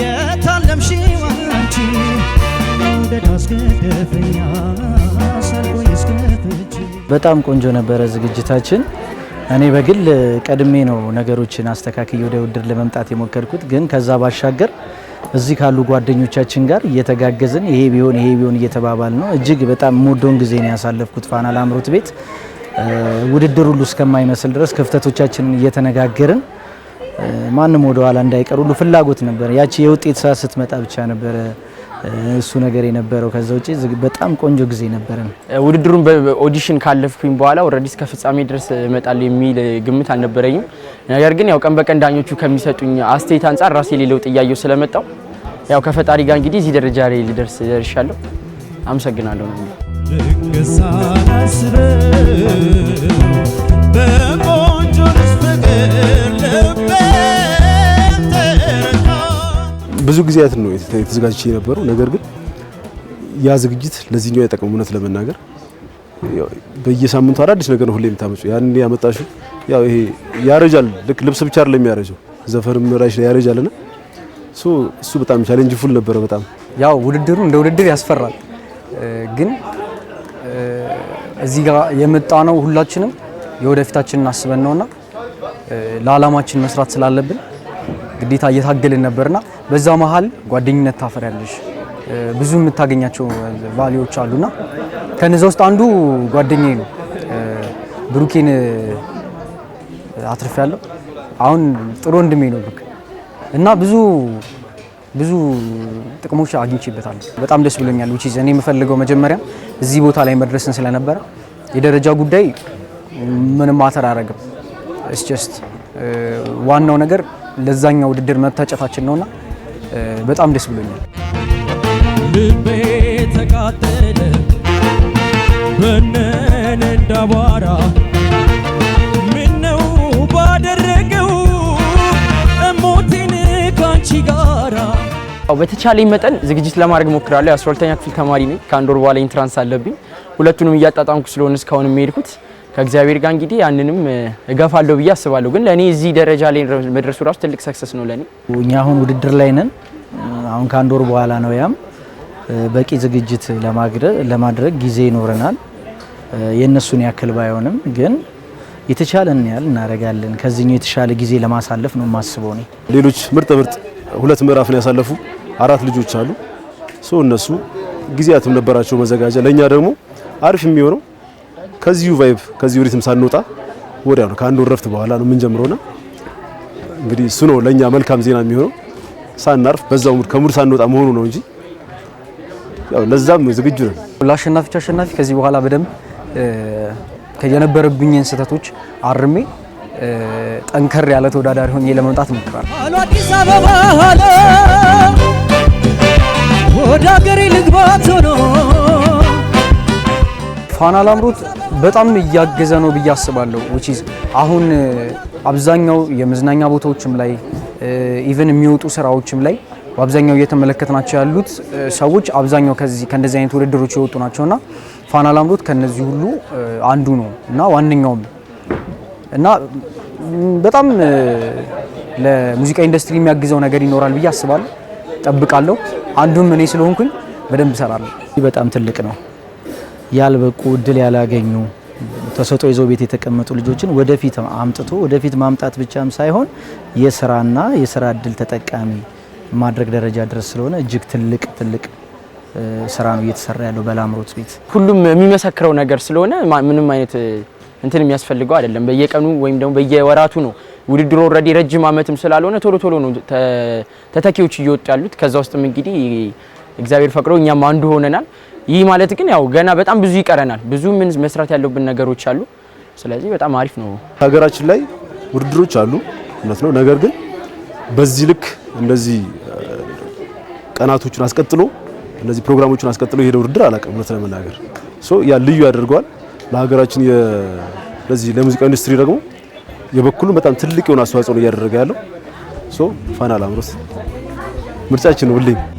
የታለምሽው አንቺ መውደድ አስገደፈኝ ሰርጎኝ እስከፍቼ በጣም ቆንጆ ነበረ ዝግጅታችን። እኔ በግል ቀድሜ ነው ነገሮችን አስተካክዬ ወደ ውድድር ለመምጣት የሞከርኩት። ግን ከዛ ባሻገር እዚህ ካሉ ጓደኞቻችን ጋር እየተጋገዝን ይሄ ቢሆን ይሄ ቢሆን እየተባባል ነው። እጅግ በጣም ሞዶን ጊዜ ነው ያሳለፍኩት። ፋና ላምሮት ቤት ውድድር ሁሉ እስከማይመስል ድረስ ክፍተቶቻችንን እየተነጋገርን ማንም ወደ ኋላ እንዳይቀር ሁሉ ፍላጎት ነበር። ያቺ የውጤት ሰዓት ስትመጣ ብቻ ነበረ እሱ ነገር የነበረው። ከዛ ውጪ በጣም ቆንጆ ጊዜ ነበረ። ውድድሩን በኦዲሽን ካለፍኩኝ በኋላ ኦልሬዲ እስከ ፍጻሜ ድረስ እመጣለሁ የሚል ግምት አልነበረኝም። ነገር ግን ያው ቀን በቀን ዳኞቹ ከሚሰጡኝ አስተያየት አንጻር ራሴ ለውጥ እያየሁ ስለመጣው ያው ከፈጣሪ ጋር እንግዲህ እዚህ ደረጃ ላይ ልደርስ ደርሻለሁ። አመሰግናለሁ ነው ጊዜያት ነው የተዘጋጀች የነበረው። ነገር ግን ያ ዝግጅት ለዚህኛው አይጠቅም። እውነት ለመናገር በየሳምንቱ አዳዲስ ነገር ነው ሁሌ የምታመጪው። ያን ያመጣሽው ያው ይሄ ያረጃል። ልክ ልብስ ብቻ አይደለም የሚያረጀው ዘፈንም ራሽ ላይ ያረጃልና ሶ እሱ በጣም ቻሌንጅ ፉል ነበረ። በጣም ያው ውድድሩ እንደ ውድድር ያስፈራል። ግን እዚህ ጋር የመጣ ነው ሁላችንም የወደፊታችንን አስበን ነውና ለዓላማችን መስራት ስላለብን ግዴታ እየታገልን ነበርና በዛ መሀል ጓደኝነት ታፈሪያለሽ። ብዙ የምታገኛቸው ቫሊዎች አሉና ከነዛ ውስጥ አንዱ ጓደኛዬ ነው። ብሩኬን አትርፍ ያለው አሁን ጥሩ ወንድሜ ነው ብሩክ እና ብዙ ብዙ ጥቅሞች አግኝቼበታለሁ። በጣም ደስ ብሎኛል። ውጪ እኔ የምፈልገው መጀመሪያ እዚህ ቦታ ላይ መድረስን ስለነበረ የደረጃ ጉዳይ ምንም ማተር አረግም። ኢትስ ጀስት ዋናው ነገር ለዛኛው ውድድር መታጨታችን ነውና በጣም ደስ ብሎኛል። ልቤ ተቃጠለ በነነ እንዳቧራ ጋራ በተቻለኝ መጠን ዝግጅት ለማድረግ ሞክራለሁ። የአስራ ሁለተኛ ክፍል ተማሪ ነኝ። ከአንድ ወር በኋላ ኢንትራንስ አለብኝ። ሁለቱንም እያጣጣምኩ ስለሆነ እስካሁን የሚሄድኩት ከእግዚአብሔር ጋር እንግዲህ ያንንም እገፋለሁ ብዬ አስባለሁ። ግን ለእኔ እዚህ ደረጃ ላይ መድረሱ ራሱ ትልቅ ሰክሰስ ነው ለእኔ። እኛ አሁን ውድድር ላይ ነን። አሁን ከአንድ ወር በኋላ ነው። ያም በቂ ዝግጅት ለማድረግ ጊዜ ይኖረናል። የእነሱን ያክል ባይሆንም ግን የተቻለን ያህል እናደርጋለን። ከዚህኛው የተሻለ ጊዜ ለማሳለፍ ነው የማስበው እኔ። ሌሎች ምርጥ ምርጥ ሁለት ምዕራፍን ያሳለፉ አራት ልጆች አሉ። እነሱ ጊዜያትም ነበራቸው መዘጋጃ ለእኛ ደግሞ አሪፍ የሚሆነው ከዚሁ ቫይብ ከዚሁ ሪትም ሳንወጣ ወዲያ ነው ከአንድ ወር ረፍት በኋላ ነው የምንጀምረውና እንግዲህ እሱ ነው ለኛ መልካም ዜና የሚሆነው ሳናርፍ በዛው ሙድ ከሙድ ሳንወጣ መሆኑ ነው እንጂ ያው ለዛም ዝግጁ ነን። ለአሸናፊዎች አሸናፊ ከዚህ በኋላ በደንብ ከየነበረብኝ ስህተቶች አርሜ ጠንከር ያለ ተወዳዳሪ ሆኜ ለመምጣት እሞክራለሁ። አዲስ አበባ ወደ ሀገሬ ልግባት ሆኖ ፋና ላምሮት በጣም እያገዘ ነው ብዬ አስባለሁ። which is አሁን አብዛኛው የመዝናኛ ቦታዎችም ላይ ኢቨን የሚወጡ ስራዎችም ላይ በአብዛኛው ናቸው ያሉት ሰዎች አብዛኛው ከዚህ ከእንደዚህ አይነት ውድድሮች የወጡ ናቸውና ፋና ላምሮት ከነዚህ ሁሉ አንዱ ነው እና ዋነኛውም እና በጣም ለሙዚቃ ኢንዱስትሪ የሚያግዘው ነገር ይኖራል ብዬ አስባለሁ፣ ጠብቃለሁ። አንዱም እኔ ስለሆንኩኝ በደንብ እሰራለሁ። በጣም ትልቅ ነው። ያልበቁ እድል ያላገኙ ተሰጦ ይዘው ቤት የተቀመጡ ልጆችን ወደፊት አምጥቶ ወደፊት ማምጣት ብቻም ሳይሆን የስራና የስራ እድል ተጠቃሚ ማድረግ ደረጃ ድረስ ስለሆነ እጅግ ትልቅ ትልቅ ስራ ነው እየተሰራ ያለው በላምሮት ቤት። ሁሉም የሚመሰክረው ነገር ስለሆነ ምንም አይነት እንትን የሚያስፈልገው አይደለም። በየቀኑ ወይም ደግሞ በየወራቱ ነው ውድድሩ። ኦልሬዲ ረጅም አመትም ስላልሆነ ቶሎ ቶሎ ነው ተተኪዎች እየወጡ ያሉት። ከዛ ውስጥም እንግዲህ እግዚአብሔር ፈቅዶ እኛም አንዱ ሆነናል። ይህ ማለት ግን ያው ገና በጣም ብዙ ይቀረናል። ብዙ ምን መስራት ያለብን ነገሮች አሉ። ስለዚህ በጣም አሪፍ ነው። ሀገራችን ላይ ውድድሮች አሉ እውነት ነው። ነገር ግን በዚህ ልክ እንደዚህ ቀናቶቹን አስቀጥሎ እነዚህ ፕሮግራሞቹን አስቀጥሎ የሄደ ውድድር አላውቅም እውነት ለመናገር ያ ልዩ ያደርገዋል። ለሀገራችን ለዚህ ለሙዚቃ ኢንዱስትሪ ደግሞ የበኩሉን በጣም ትልቅ የሆነ አስተዋጽኦ ነው እያደረገ ያለው ሶ ፋና ላምሮት ምርጫችን ነው ሁሌም